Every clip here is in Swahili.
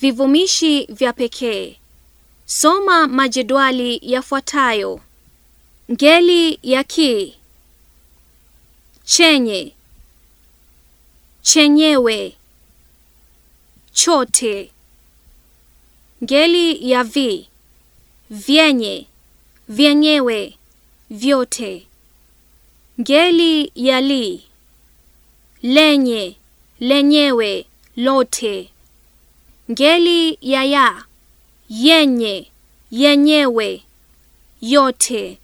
Vivumishi vya pekee. Soma majedwali yafuatayo: ngeli ya ki, chenye, chenyewe, chote. Ngeli ya vi, vyenye, vyenyewe, vyote. Ngeli ya li, lenye, lenyewe, lote. Ngeli ya ya, yenye, yenyewe, yote.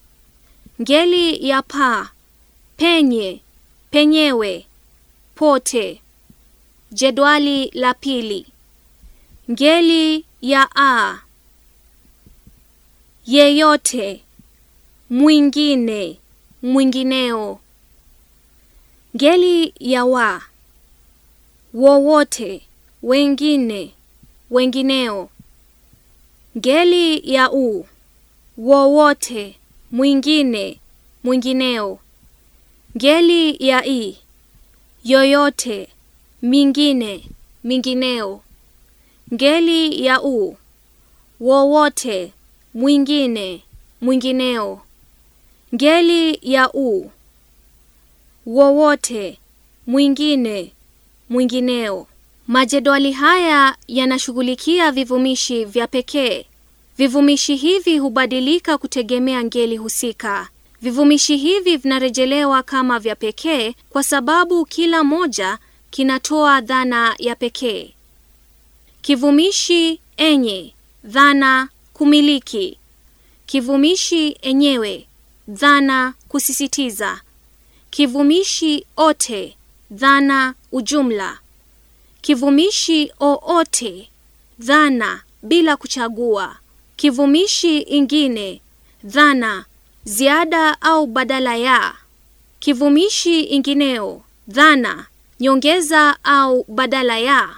Ngeli ya pa, penye, penyewe, pote. Jedwali la pili. Ngeli ya a, yeyote, mwingine, mwingineo. Ngeli ya wa, wowote, wengine wengineo. Ngeli ya u, wowote, mwingine, mwingineo. Ngeli ya i, yoyote, mingine, mingineo. Ngeli ya u, wowote, mwingine, mwingineo. Ngeli ya u, wowote, mwingine, mwingineo. Majedwali haya yanashughulikia vivumishi vya pekee. Vivumishi hivi hubadilika kutegemea ngeli husika. Vivumishi hivi vinarejelewa kama vya pekee kwa sababu kila moja kinatoa dhana ya pekee. Kivumishi enye, dhana kumiliki. Kivumishi enyewe, dhana kusisitiza. Kivumishi ote, dhana ujumla. Kivumishi oote dhana bila kuchagua kivumishi ingine dhana ziada au badala ya kivumishi ingineo dhana nyongeza au badala ya